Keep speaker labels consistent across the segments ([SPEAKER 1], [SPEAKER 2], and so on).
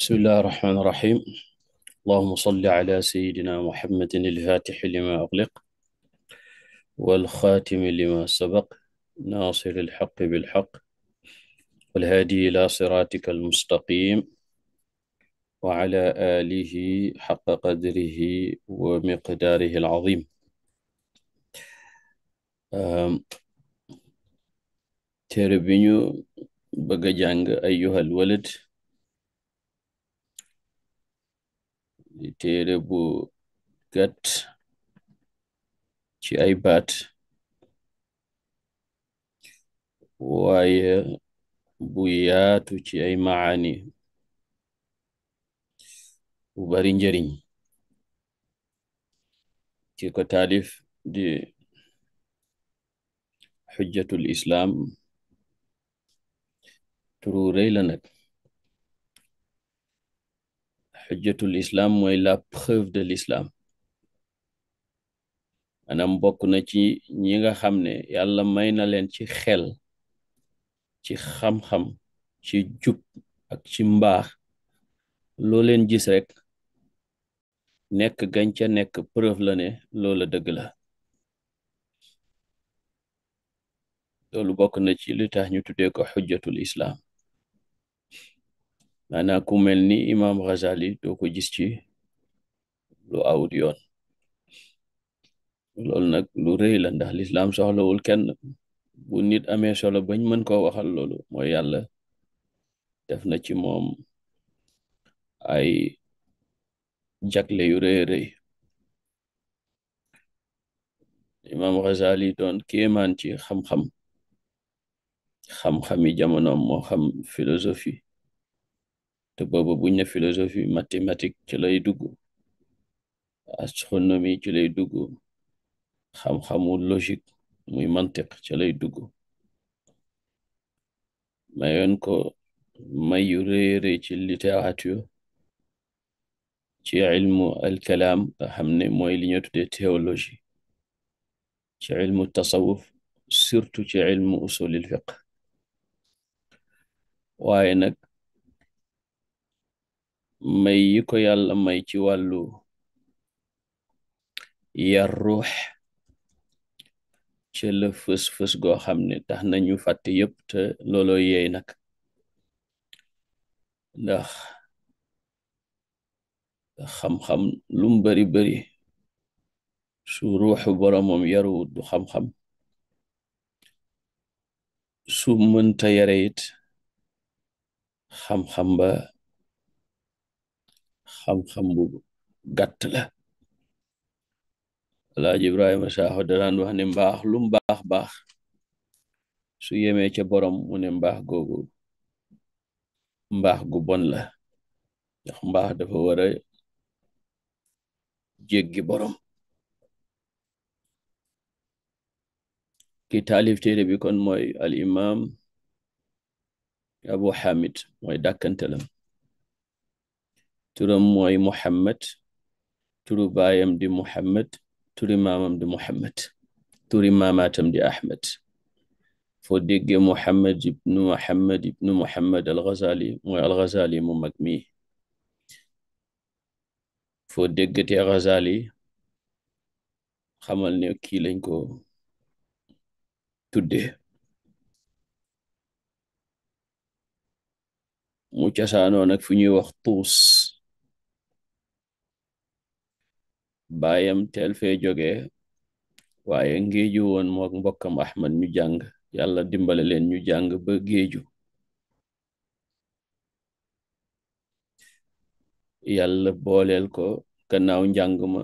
[SPEAKER 1] بسم الله الرحمن الرحيم اللهم صل على سيدنا محمد الفاتح لما أغلق والخاتم لما سبق ناصر الحق بالحق والهادي إلى صراطك المستقيم وعلى آله حق قدره ومقداره العظيم تربينيو بقى جانج أيها الولد di téere bu gàtt ci ay baat waaye bu yaatu ci ay maani bu bari njariñ ki ko taalif di xujjatul turu rëy la nag xujjatul islam mooy la preuve de l'islam maanaam bokk na ci ñi nga xam ne yàlla may na leen ci xel ci xam-xam ci jub ak ci mbaax loo leen gis rek nekk gañ ca nekk preuve la ne loola dëgg la loolu bokk na ci lu tax ñu tuddee ko xujjatul islam maanaam ku mel ni imam Ghazali doo ko gis ci lu awut yoon loolu nag lu rëy la ndax lislaam soxlawul kenn bu nit amee solo bañ mën koo waxal loolu mooy yàlla def na ci moom ay jagle yu rëy rëy imam Ghazali doon kéemaan ci xam-xam xam-xami jamonoom moo xam philosophie te boobu buñ ne philosophie mathématique ci lay dugg astronomie ci lay dugg xam logique muy mantiq ci lay dugg mayoon ko mayu réere ci littérature ci ilmu alkalaam nga xam ne mooy li ñu tudde théologie ci ilmu tasawuf surtout ci ilmu usulil fiqh waaye nag may yi ko yàlla may ci wàllu yar ruux ci la fës-fës goo xam ne tax nañu fàtte yépp te looloo yeey nag ndax xam-xam lum bari bari su ruuxu boromam yaruwut du xam-xam su mënta yare it xam-xam ba xam-xam bu gàtt la alaaji ibrahima saaxo danaan wax ne mbaax lu mbaax baax su yemee ca borom mu ne mbaax googu mbaax gu bon la ndax mbaax dafa wara a jéggi borom ki taalif téere bi kon mooy al imam abu hamid mooy dàkkantalam turam mooy Muhammad turu baayam di Muhammad turi maamam di Muhammad turi maamaatam di Ahmed foo déggee Muhammad ibnu Muhammad ibnu Muhammad al-Ghazali mooy al-Ghazali mu mag mi foo déggatee al-Ghazali xamal ne kii lañ ko tuddee mu casaanoo nag fu ñuy wax tuus baayam teel fee jóge waaye ngéeju woon mook mbokkam Ahmad ñu jàng yàlla dimbale leen ñu jàng ba géeju yàlla booleel ko gannaaw njàng ma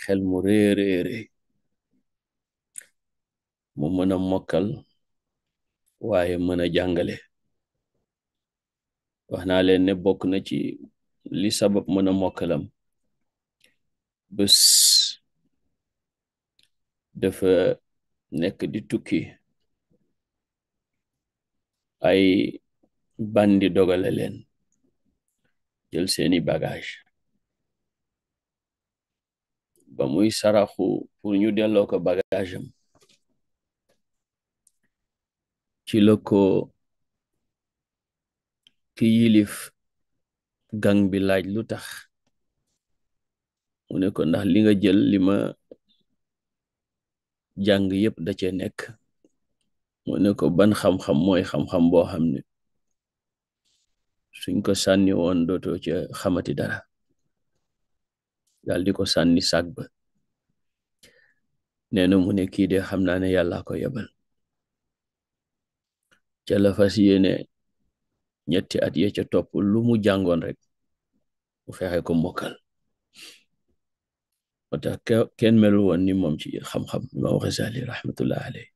[SPEAKER 1] xel mu réeréere mu mën a mokkal waaye mën a jàngale wax naa leen ne bokk na ci li sabab mën a mokkalam Bus, dafa nek di tukki ay bandi dogale leen jël seeni bagage ba muy saraxu pour ñu delloo ko bagage ci la ki yilif gang bi laaj lu tax ne anu ko ndax li nga jël li ma jàng yépp da cee nekk mu ne ko ban xam-xam mooy xam-xam boo xam ne suñ ko sànni woon dootoo ca xamati dara daal di ko sànni sàg ba nee na mu ne kii de xam naa ne yàlla ko yebal ca la fas yéene ñetti at ya ca topp lu mu jàngoon rek mu fexe ko moo tax kenn melu woon ni moom ci xam-xam ni ma waxee Sali rahmatullah alayhi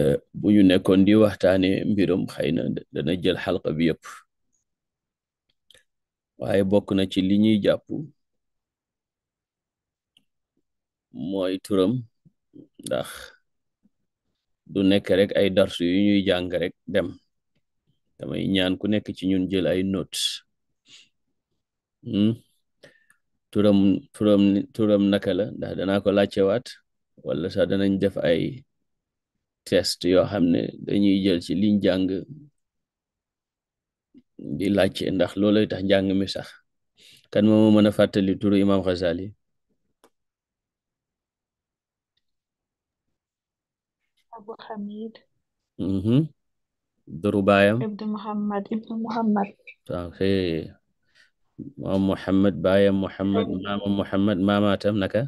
[SPEAKER 1] euh, bu nekkoon di waxtaane mbiram xëy na dana jël xalqa bi yëpp waaye bokk na ci li ñuy jàpp mooy turam ndax du nekk rek ay darsu yu ñuy jàng rek dem damay ñaan ku nekk ci ñun jël ay notes hmm? turam turam turam naka la ndax danaa ko laajtewaat wala sax danañ def ay test yoo xam ne dañuy jël ci liñ jàng di laajte ndax looloy tax njàng mi sax kan moo mën a fàttali turu imam Ghazali Abu Hamid mhm duru baayam Ibn Muhammad Ibn Muhammad maam Muhammad baayam Muhammad maamam Muhammad maamaatam naka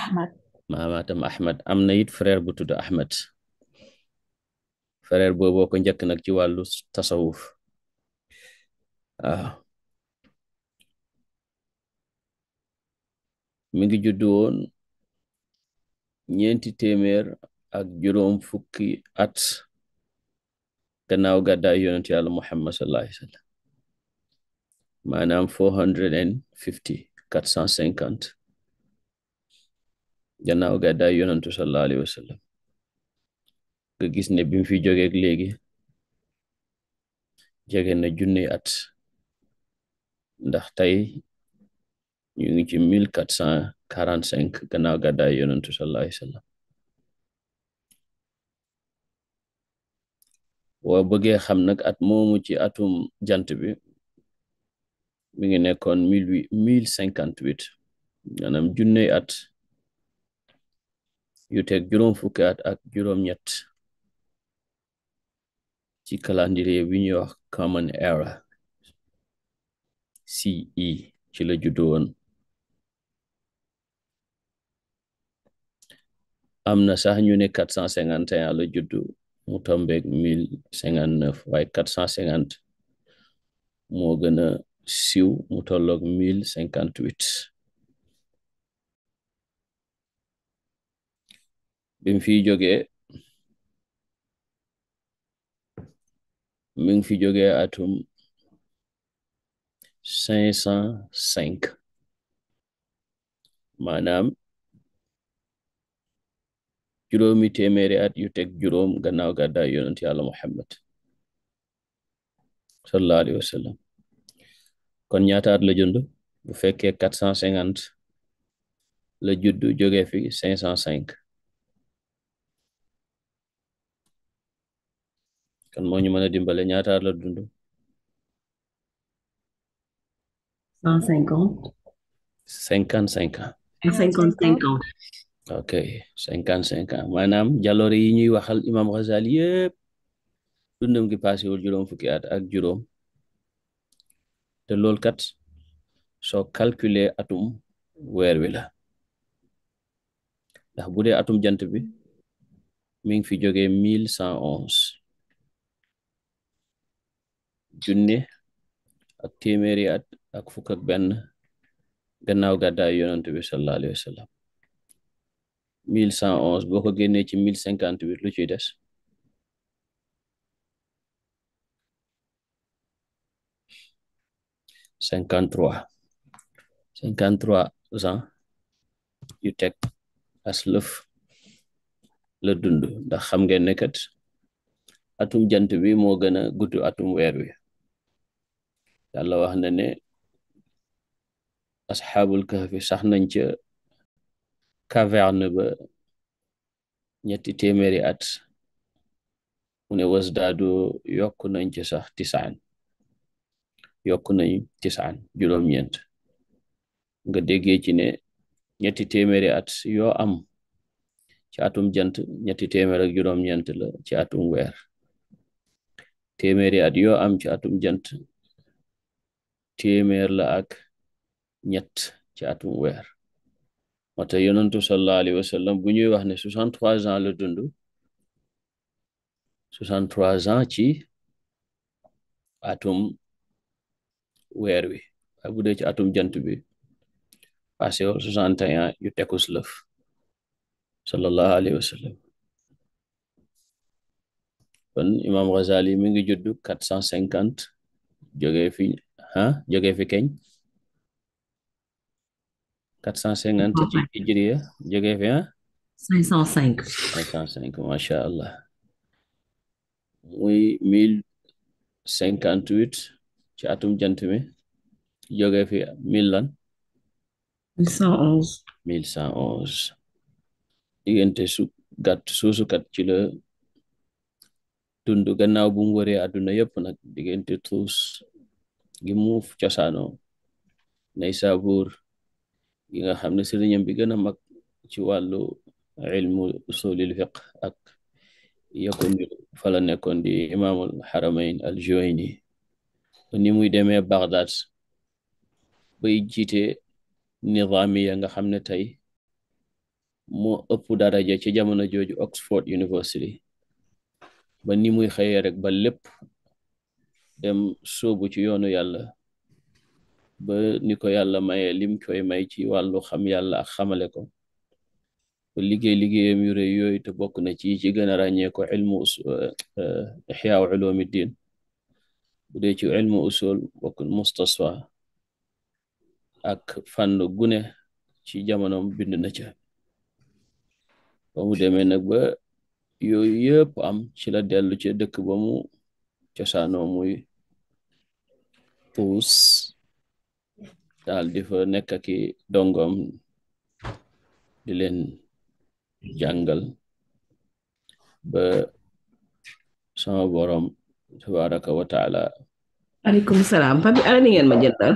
[SPEAKER 1] Ahmad maamaatam Ahmad am na it frère bu tudd Ahmad frère booboo ko njëkk nag ci wàllu tasawuf waaw ah. mi ngi juddu woon ñeenti téeméer ak juróom fukki at gannaaw gàddaay yonent yàlla Muhammad sallallahu alayhi wa maanaam four hundred and fifty quatre cent cinquante gannaaw gàddaay yonantu sallallahu alayhi wa nga gis ne bi fi jógeeg léegi jege na junni at ndax tey ñu ngi ci mille quatre cent quarante cinq gannaaw gàddaay yonantu sallallahu alayhi wa sallam bëggee xam nag at moomu ci atum jant bi mi ngi nekkoon mille huit mille cinquante huit maanaam junney at yu teg juróom at ak juróom-ñett ci calendrier bi ñuy wax common era CE ci la juddoo woon am na sax ñu ne quatre cent cinquante et un la juddu mu tombeeg mille cinquante neuf waaye quatre cent cinquante moo gën a siw mu tolloog mille cinquante huit bim fi joge mi ngi fi jógee atum cinq cent cinq maanaam juróomi téeméeri at yu teg juróom gannaaw gàddaay yonent yàlla Muhammad sallallahu alayhi wa kon ñaataat la jund bu fekkee quatre cent cinquante la judd jóge fi cinq cent cinq kon moo ñu mën a dimbale ñaataat la dund cent cinquante cinquante cinquante cinquante cinquante cinquante cinquante maanaam jaloore yi ñuy waxal imam Ghazali yëpp dundam gi paasewul juróom fukki at ak juróom te loolu kat soo calculer atum weer wi la ndax bu dee atum jant bi mi ngi fi jógee mille cent onze junne ak téeméeri at ak fukk ak benn gannaaw gàddaay yonent bi sallallahu alayhi wa sallam mille cent onze boo ko génnee ci mille cinquante huit lu ciy des 53 53 ans yu teg as lëf la dund ndax xam ngeen ne atum jant bi moo gën a gudd atum weer wi yàlla wax na ne asxaabul kahfi sax nañ ca caverne ba ñetti téeméeri at mu ne wasdaadu yokk nañ ca sax tisaan yokk nañu tisaan juróom-ñeent nga déggee ci ne ñetti téeméeri at yoo am ci atum jant ñetti téeméer juróom-ñeent la ci atum weer téeméeri at yoo am ci atum jant téeméer la ak ñett ci atum weer moo tax yonantu sallallahu alayhi bu ñuy wax ne soixante trois ans la dund soixante trois ans ci atum weer wi waaye bu dee ci atum jant bi passé wol soixante et un yu tekus lëf sallallahu alayhi wa kon imam Ghazali mi ngi judd quatre cent cinquante jógee fi ah jógee fi keñ quatre cent cinquante ci hijriya fi ah cinq allah muy mille cinquante huit ci atum jant mi jóge fi mille lan mille cent onze mille cent onze diggante su gàtt suusukat ci la dund gannaaw bu mu waree àdduna yëpp nag diggante tuus gi mu cosaanoo Naysaabuur gi nga xam ne sëriñam bi gën a mag ci wàllu ilmu usulil fiqh ak yakko fala nekkoon di imaamul haramayn al juwayni ni muy demee Bagdad bay jiite nizaamiya nga xam ne tey moo ëpp daraja ci jamono jooju Oxford University ba ni muy xëyee rek ba lépp dem sóobu ci yoonu yàlla ba ni ko yàlla mayee lim koy may ci wàllu xam yàlla ak xamale ko ba liggéey liggéeyam yu rëy yooyu te bokk na ci ci gën a ràññee ko ilmu eh, eh, ixyaaw ulumi diin bu dee ci ilmu usul bokkul mustasfa ak fànn gune ci jamonoom bind na ca ba mu ba yooyu yëpp am ci la dellu ci dëkk ba mu cosaanoo muy puus daal di fa dongom di leen jàngal ba sama borom tabaraka wa taala salaam papi ana ni ngeen ma jëndal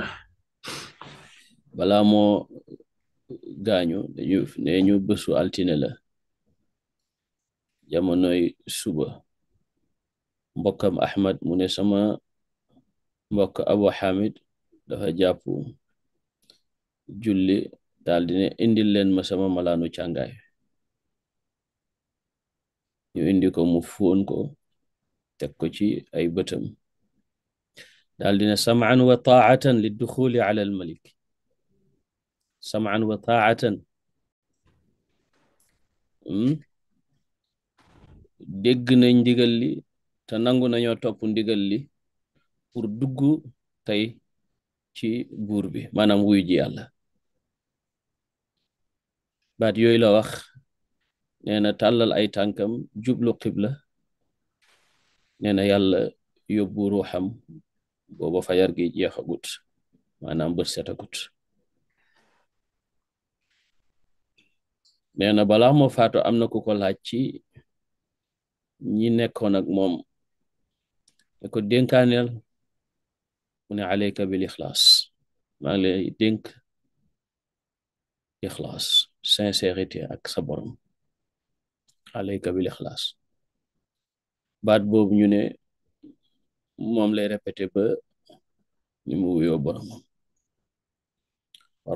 [SPEAKER 1] balaa moo gaañu dañu ñu bésu altine la jamonoy suba mbokkam ahmad mu ne sama mbokk abu hamid dafa jàpp juli daal di ne indil leen ma sama malaanu càngaay ñu indi ko mu fóon ko teg ko ci ay bëtam daal dina samaan wa taatan li duxuli ala al malik samaan wa taatan hmm? dégg nañ ndigal li te nangu nañoo topp ndigal li pour dugg tey ci buur bi maanaam wuy ji yàlla baat yooyu la wax nee na tàllal ay tànkam jublu xibla nee yàlla yóbbu ruuxam booba fajar gi jeexagut manam bët setagut nee bala mo moo faatu am ku ko laaj ci ñi nekkoon ak moom ne ko dénkaaneel mu ne aleyka bil ixlaas maa ngi lay dénk ixlaas sincérité ak sa borom aleyka bil ixlaas baat boobu ñu ne moom lay répété ba ni mu wuyoo boromam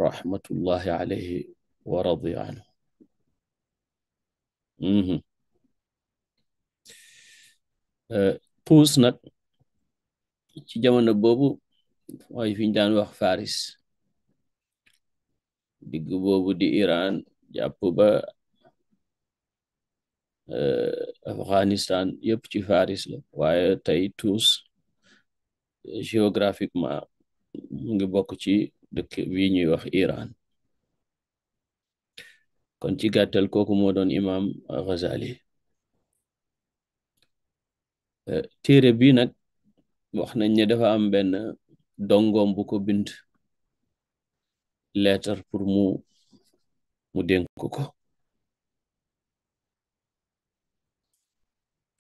[SPEAKER 1] rahmatullahi alayhi wa radiya anhu puus nag ci jamono boobu mooy fi ñu daan wax faris digg boobu di Iran jàpp ba Afghanistan yëpp ci Faris la waaye tey tous géographiquement ngi bokk ci dëkk bii ñuy wax Iran kon ci gàttal kooku moo doon imam Ghazali téere bii nag wax nañ ne dafa am benn dongoom bu ko bind leetar pour mu mu dénk ko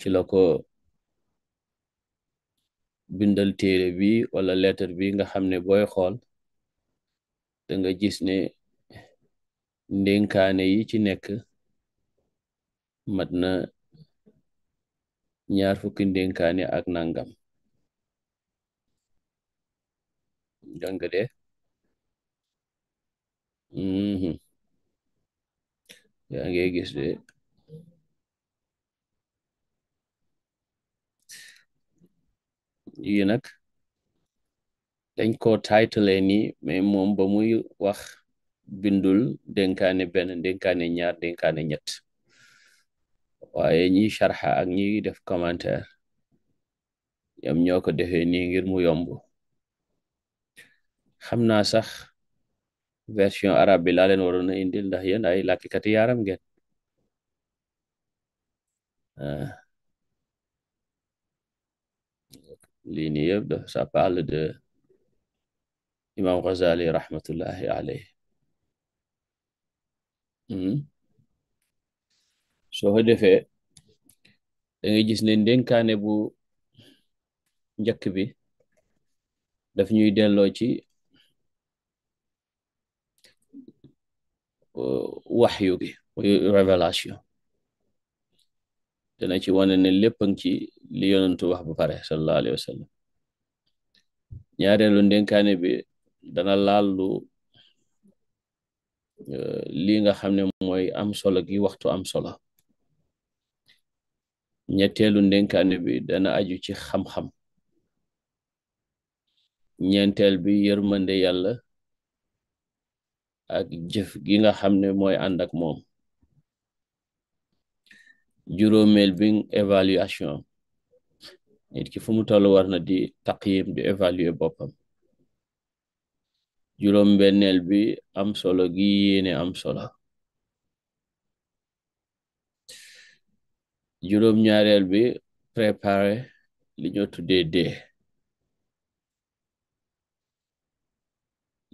[SPEAKER 1] ci la ko bindal téere bi wala leetar bi nga xam ne booy xool da nga gis ne ndénkaane yi ci nekk mat na ñaar fukki ndénkaane ak nangam danga de mhm. yaa ngi gis de yi nag dañ ko taytalee ni mais moom ba muy wax bindul dénkaane benn dénkaane ñaar dénkaane ñett waaye ñiy sharxa ak ñi def commentaire ñoom ñoo ko defee nii ngir mu yomb xam naa sax version arab bi laa leen waroon a indil ndax yéen ay làkkikati yaram ngeen ah. lii nii yëpp da ça de imam Ghazali rahmatullahi alayhi hmm. soo ko defee da ngay gis ne ndénkaane bu njëkk bi daf ñuy delloo ci euh, waxyu gi dana ci wane ne lépp a ngi ci li yonentu wax ba pare sallallahu alayhi wa sallam ñaareelu ndénkaane bi dana laal lu euh, lii nga xam ne mooy am solo gi waxtu am solo ñetteelu ndénkaane bi dana aju ci xam-xam ñeenteel bi yërmande yàlla ak jëf gi nga xam ne mooy ànd ak moom juróomeel bi évaluation nit ki fu mu toll war di taqyim di évaluer boppam juróom benneel bi am solo gi yéene am solo juróom ñaareel bi préparer li ñoo tuddee dee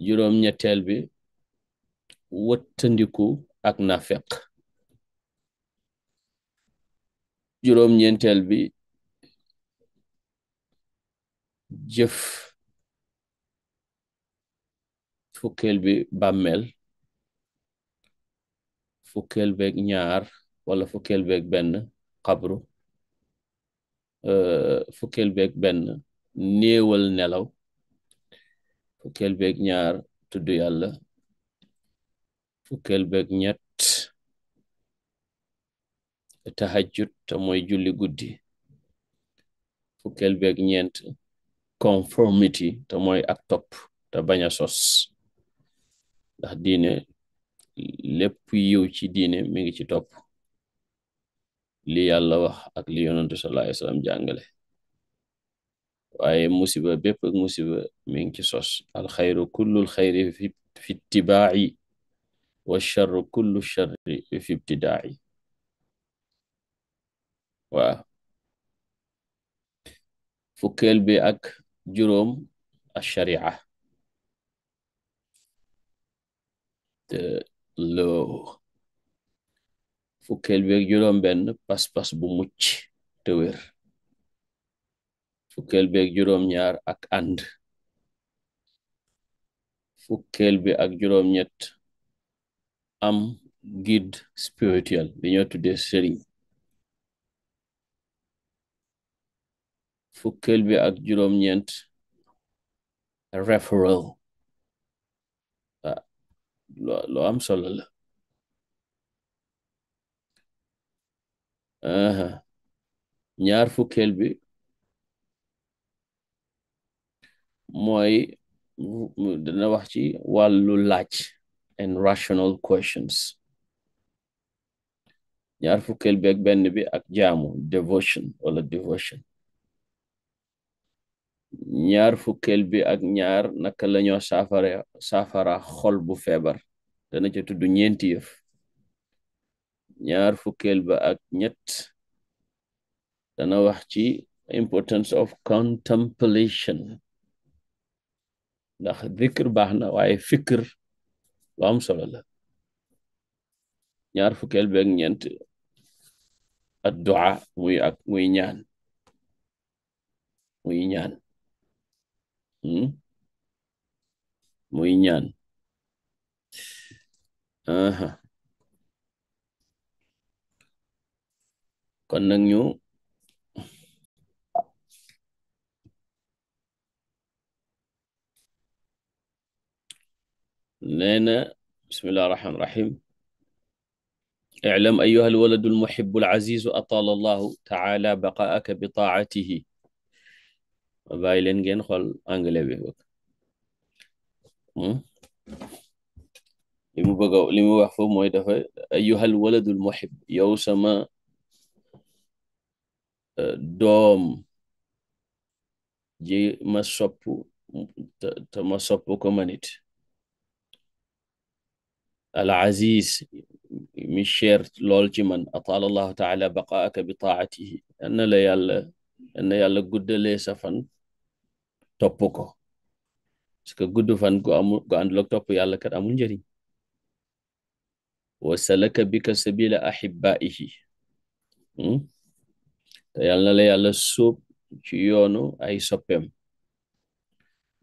[SPEAKER 1] juróom bi wëttandiku ak nafeq juróom-ñeenteel bi jëf fukkeel bi bàmmeel fukkeel beeg ñaar wala fukkeel beeg benn xabru euh, fukkeel beeg benn néewal nelaw fukkeel beeg ñaar tudd yàlla fukkeel beeg ñett tahajjud te mooy julli guddi fukkel beeg ñeent conformity te mooy ak topp te bañ a sos ndax diine lépp yiw ci diine mi ngi ci topp li yàlla wax ak li yonantu sallallahu alayhi wasallam waaye musiba bépp musiba mi ngi ci sos alxayru kullul xayri fi fi ittibaa'i wa charru fi ibtidaa'i waaw fukkeel bi ak juróom asharia te loo fukkeel bi ak juróom benn pas-pas bu mucc te wér fukkeel bi ak juróom ñaar ak ànd fukkeel bi ak juróom ñett am guide spirituel bi ñoo tuddee sëriñ Fukel bi ak juroom referral lo am solo la ñaar fukel bi mooy dana wax ci laaj and rational questions ñaar fukel bi ak benn bi ak jaamu devotion wala devotion ñaar fukkel bi ak ñaar naka lañu safara safara xol bu febar dana ci tuddu ñenti yef ñaar fukkel ba ak ñet dana wax ci importance of contemplation ndax dhikr baxna waye fikr lu am solo la ñaar fukkel bi ak ñent ad dua muy ak muy ñaan muy ñaan ¿Mm? Muiñán. Ajá. Con Nangyu. لنا بسم الله الرحمن الرحيم اعلم أيها الولد المحب العزيز أطال الله تعالى بقاءك بطاعته violin gen hol angle bi bëgg li mu bëgg li mu wax foofu mooy dafa ayuhal waladul muhib yow sama doom ji ma sopp te ma sopp ko manit al aziz mi cher lool ci man ataala allahu taala baqaaka bi taatihi na la yàlla na yàlla guddalee sa topp ko parce que gudd fan gu amul gu àndul ak topp yàlla kat amul njëriñ wa salaka bika sabila ahibbaihi hmm? te yàlla na la yàlla sóob ci yoonu ay soppeem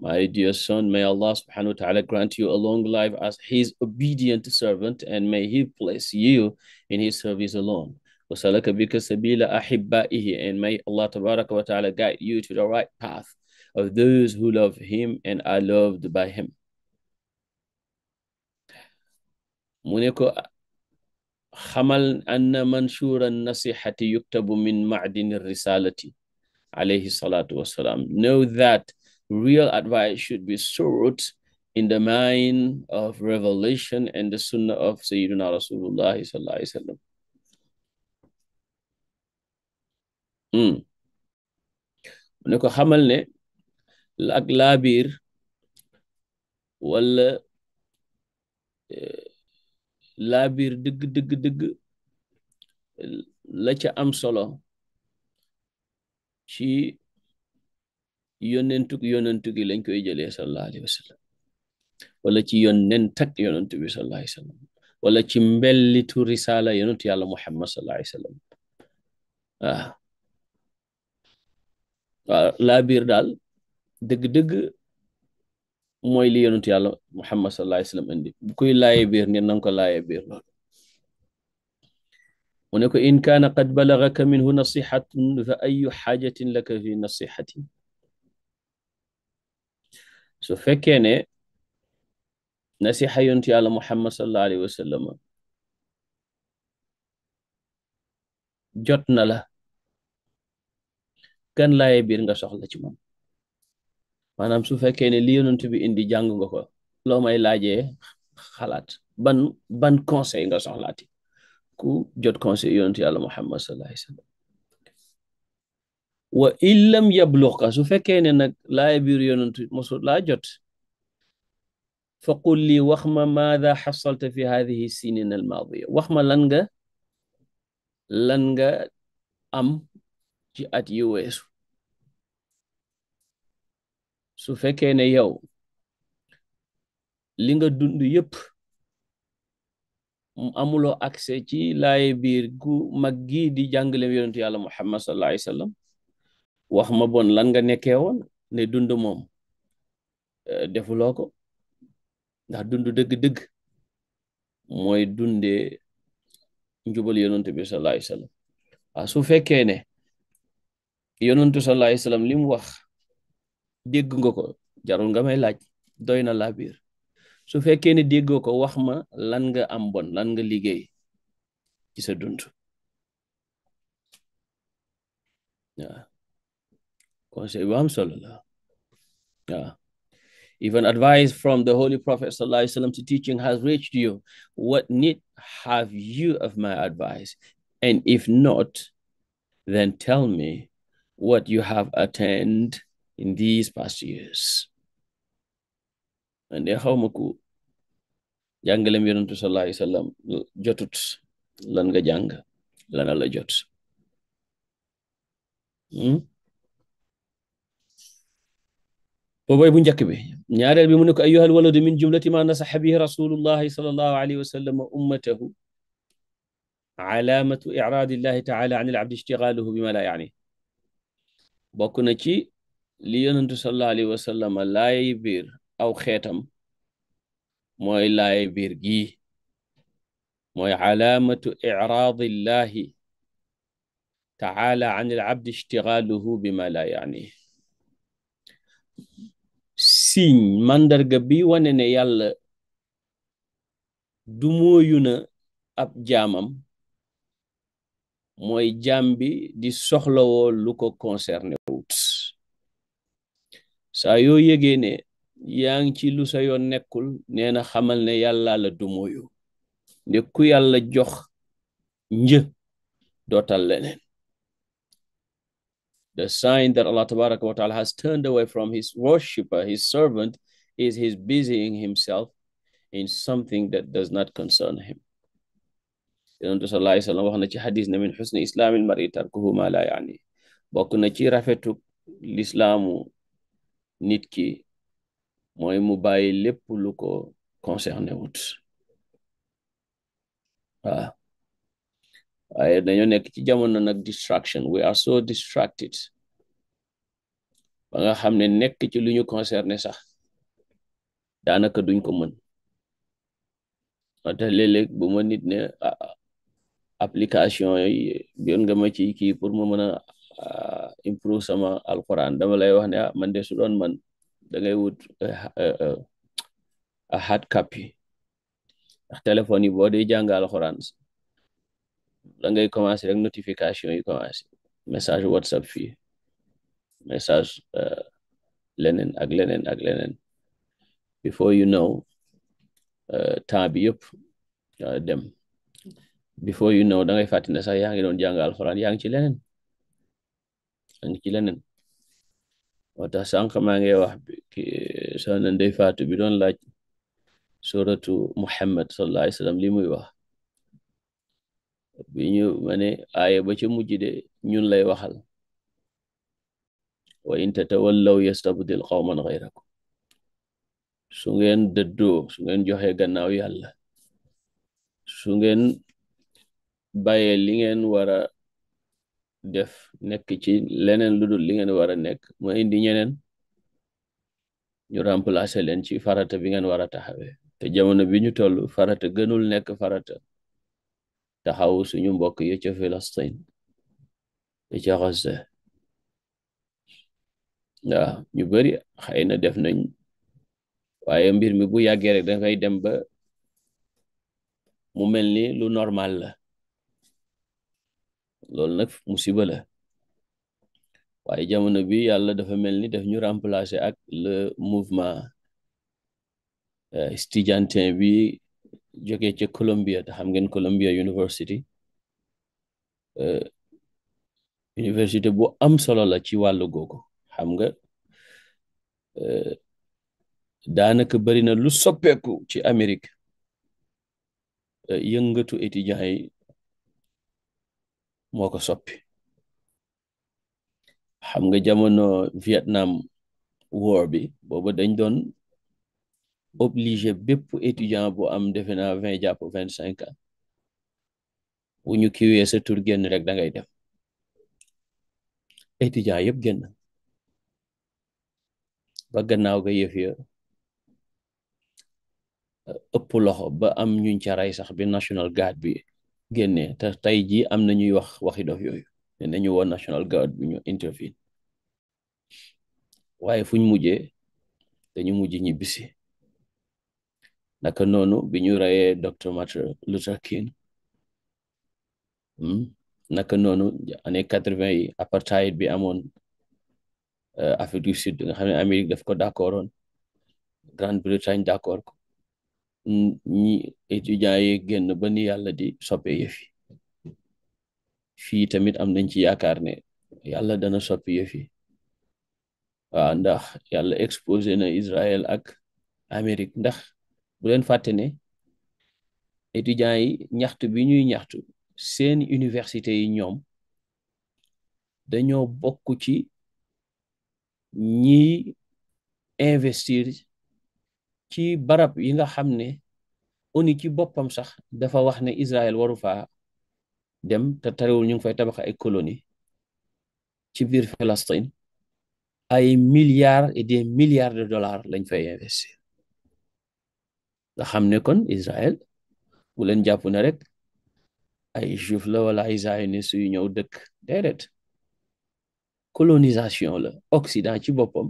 [SPEAKER 1] my dear son may allah subhanahu wa ta'ala grant you a long life as his obedient servant and may he place you in his service alone wa salaka bika sabila ahibbaihi and may allah wa ta'ala guide you to the right path of those who love him and are loved by him. Muneko hamal anna xamal anna manshura nasihati yuktabu min madin risalati alayhi salatu wasalam know that real advice should be sought in the mine of revelation and the sunnah of Sayyidina Rasulullah sallallahu alayhi wasallam. Hmm. Muneko hamal ne ko ne ak laabiir wala eh, laabiir dëgg dëgg dëgg la ca am solo ci yonentuk yonentu gi lañ koy jëlee sallallahu alayhi wa sallam ci yonentak yonentu bi sallallahu alayhi wa sallam wala ci mbellitu risaala yonentu yàlla muhammad sallallahu alayhi wa sallam waaw dëgg-dëgg mooy li yonent yàlla muhammad sallallahu alayhi wasallam indi bu kuy laaye biir ne nanga ko laaye biir loolu mu ne ko in kaana qad balagaka minhu nasihatun fa ayu xaajatin laka fi nasihati su fekkee ne nasiha yonent yàlla muhammad sallallahu alayhi wasallam jot na la kan laaye biir nga soxla ci moom manam su fekkee ne li yonent bi indi jàng nga ko loo may laajee xalaat ban ban conseil nga soxlaati ku jot conseil yonent yàlla Muhammad sallallahu alayhi wa sallam wa illam lam su fekkee ne nag laaya biir yonent mosut laa jot fa qul lii wax ma maada xasalta fi hadihi sinin almaadiya wax ma lan nga lan nga am ci at yi weesu su fekkee ne yow li nga dund yépp amuloo accès ci lay biir gu mag gi di jàngale yonentu yàlla muhammad sallallahu alayhi wasallam wax ma bon lan nga nekkee woon ne dund moom euh, defuloo ko ndax dund dëgg-dëgg mooy dunde njubal yonentu bi sallallahu alayhi su fekkee ne yonentu sallallahu alayhi li mu wax dégg nga ko jarul nga may laaj doy na laa biir su fekkee ne déggoo ko wax ma lan nga am bon lan nga liggéey ci sa dund waaw conseil bu am solo la even advice from the holy prophet sallallahu alaihi wasallam to teaching has reached you what need have you of my advice and if not then tell me what you have attained in these past years man de xawma ku jàngalem yonentu sallallahu alayhi wasallam jotut lan nga jàng lana la jot hmm? boobay bu njëkk bi ñaareel bi mu ne ko ayyuhal waladu min jumlati ma nasaxa bihi rasulullahi sallallahu alayhi wasallam ummatahu alaamatu icraadillahi taala an al abdi ishtigaaluhu bima la yaani bokk na ci li yonentu sallallahu alayhi wa sallam laay biir aw xeetam mooy laay biir gii mooy calaamatu icraadillahi taala an ilabdi ishtigaaluhu bima la yaani siñ màndarga bi wane ne yàlla du mooyu na ab jaamam mooy jaam bi di soxlawoo lu ko concerné ci lu sa xamal ne yàlla la ku yàlla jox një The sign that Allah Tabaraka wa Ta'ala has turned away from his worshipper, his servant, is his busying himself in something that does not concern him. Yonentu sallallahu alayhi ci ne min mar'i tarkuhu ma la na ci rafetu nit ki mooy mu bàyyi lépp lu ko concerné wut waaw waaye dañoo nekk ci jamono nag distraction we are so distracted ba nga xam ne nekk ci lu ñu concerné sax daanaka duñ ko mën wate léeg-léeg nit ne ah, ah, application yi ci kii pour ma Uh, improve sama alquran dama lay wax ne ah man de su doon man da ngay wut eh, eh, eh, a hard copy ndax téléphone yi boo dee jàng alquran da ngay commencé rek notification yi commencé message whatsapp fii message leneen ak leneen ak leneen before you know temps bi yëpp dem before you know da ngay fàttali ne sax yaa ngi doon jàng yaa ngi ci leneen ki leneen moo tax sànq maa ngi wax ki soxna Ndey Faatu bi doon laaj suratu Muhammad sallallahu alayhi wasallam li muy wax bi ñu ma ba ca mujj de ñun lay waxal wa in tatawallaw yastabdil qawman ghayrakum su ngeen dëddoo su ngeen joxe gannaaw yàlla su ngeen bàyyee li ngeen wara def nekk ci leneen lu dul li ngeen war a nekk mu indi ñeneen ñu remplacer leen ci farata bi ngeen war a taxawee te jamono bi ñu toll farata gënul nekk farata taxaw suñu mbokk yi ca Palestine ya ca Gaza ñu bari xëy na def nañ waaye mbir mi bu yàggee rek dafay dem ba mu mel ni lu normal la loolu nag musibala la waaye jamono bi yàlla dafa mel ni daf ñu remplacer ak le mouvement euh, estudiantin bi jógee ca Columbia te xam ngeen Columbia University euh, université bu am solo la ci wàllu googu xam nga euh, daanaka bari na lu soppeeku ci Amérique yëngatu étudiants yi moo ko soppi xam nga jamono Vietnam war bi booba dañ doon obligé bépp étudiant bu am defe naa vingt jàpp vingt cinq ans bu ñu kiiwee sa tur génn rek da ngay dem étudiant yëpp génn ba gannaaw ga yëf ëpp loxo ba am ñuñ ca rey sax bi National gad bi génnee te tey jii am na ñuy wax waxi dof yooyu ne nañu woo National Guard bi ñu intervene waaye fu ñu mujjee dañu mujj ñibbisi naka noonu bi ñu reyee docteur Martin Luther King hmm? naka noonu année quatre-vingt yi apartheid bi amoon euh, Afrique du Sud nga xam ne Amérique daf ko d'accordoon Grande-Bretagne d'accord ko ñi étudiants yi génn ba ni yàlla di soppe fi fii tamit am nañ ci yaakaar ne yàlla dana soppi fi waaw ndax yàlla exposé na Israël ak Amérique ndax bu leen fàtte ne yi ñaxtu bi ñuy ñaxtu seen université yi ñoom dañoo bokk ci ñiy investir ci barab yi nga xam ne ONU ci boppam sax dafa wax ne Israël waru fa dem te tarewul ñu ngi fay tabax ay colonie ci biir Palestine ay milliards et des milliards de dollars lañ fay investir nga xam ne kon Israël bu leen jàpp ne rek ay juif la wala ay zioniste yu ñëw dëkk déedéet colonisation la Occident ci boppam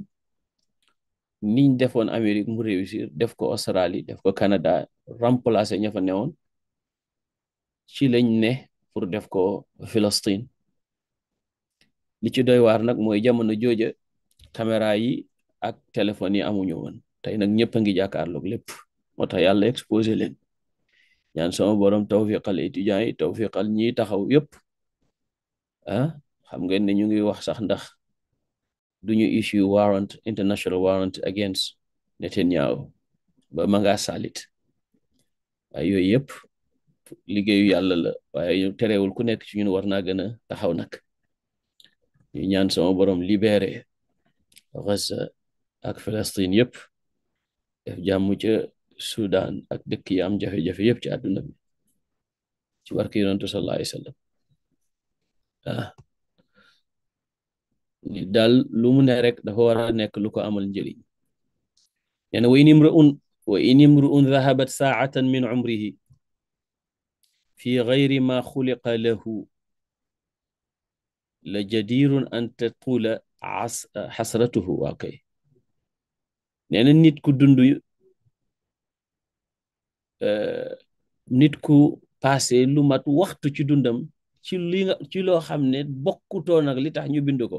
[SPEAKER 1] niñ defoon Amérique mu réussir def ko Australie def ko Canada remplacer ña fa newoon ci lañ ne pour def ko Palestine li ci doy waar nag mooy jamono jooja caméra yi ak téléphone yi amuñu woon tey nag ñëpp a ngi jàkkaarloog lépp moo tax yàlla exposé leen ñaan sama borom tawfiqal étudiants yi tawfiqal ñiy taxaw yëpp ah xam ngeen ne ñu ngi wax sax ndax. duñu issue warrant international warrant against Netanyahu ba ma ngaa salit waaye yooyu yëpp liggéeyu yàlla la waaye terewul ku nekk ci ñun war naa gën a taxaw nag ñu ñaan sama borom libere Gaza ak Palestine yëpp def jàmm ca Sudan ak dëkk yi am jafe-jafe yëpp ci àdduna bi ci barke yonantu sallallahu alayhi wa sallam ah. daal lu mu ne rek dafa war a nekk lu ko amal njëriñ nee na wa in imruun wa in imruun dahabat min umrihi fi gayri ma xuliqa lahu la jadirun an tatula as xasratuhu waa kay nit ku dund eh, nit ku passé lu mat waxtu ci dundam ci li ci loo xam ne bokkutoon ak li tax ñu bind ko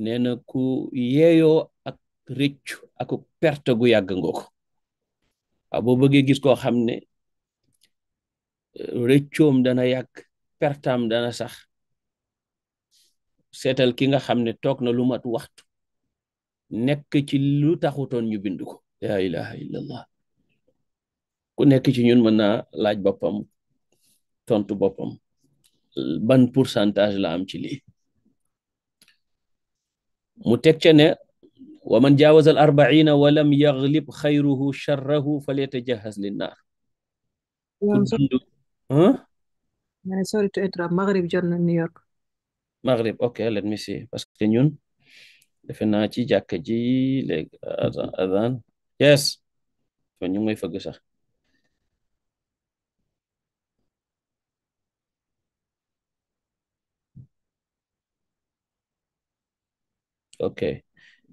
[SPEAKER 1] Neneku ku yeeyoo ak rëccu aku perte gu yàgg nga ko waaw boo bëggee gis koo xam ne dana yàgg pertam dana sax seetal ki nga xam ne toog na lu mat waxtu nekk ci lu taxutoon ñu bind ko la ilaha illallah ku nekk ci ñun mën naa laaj boppam tontu boppam ban pourcentage la am ci lii mu teg ca ne wa man jaawaza al arbaina wa lam yaglib xayruhu charrahu falyatajahaz linnaar sorry to interrupt maghrib jot na New York maghrib ok let me see parce que ñun defe naa ci jàkka ji léegi azan yes ñu ngi fëgg sax ok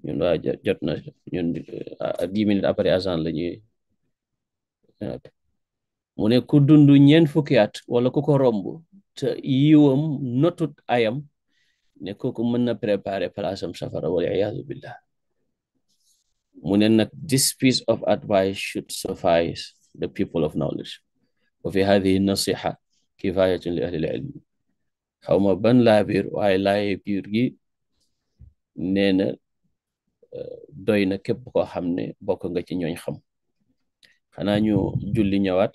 [SPEAKER 1] ñun waa jot na ñun uh, dix minutes après azan la ñuy mu ne ku dund ñeen fukki at wala ku ko romb te yiwam notut ayam ne kooku mën na préparer place am safara wal iyaadu billah mu ne nag this piece of advice should suffice the people of knowledge wa fi hadihi nasiha kifayatun li ahli l ilm xaw ma ban laa biir waaye laaye biir gi nee na euh, doy na képp koo xam ne bokk nga ci ñooñ xam xanaa ñu mm-hmm. julli ñëwaat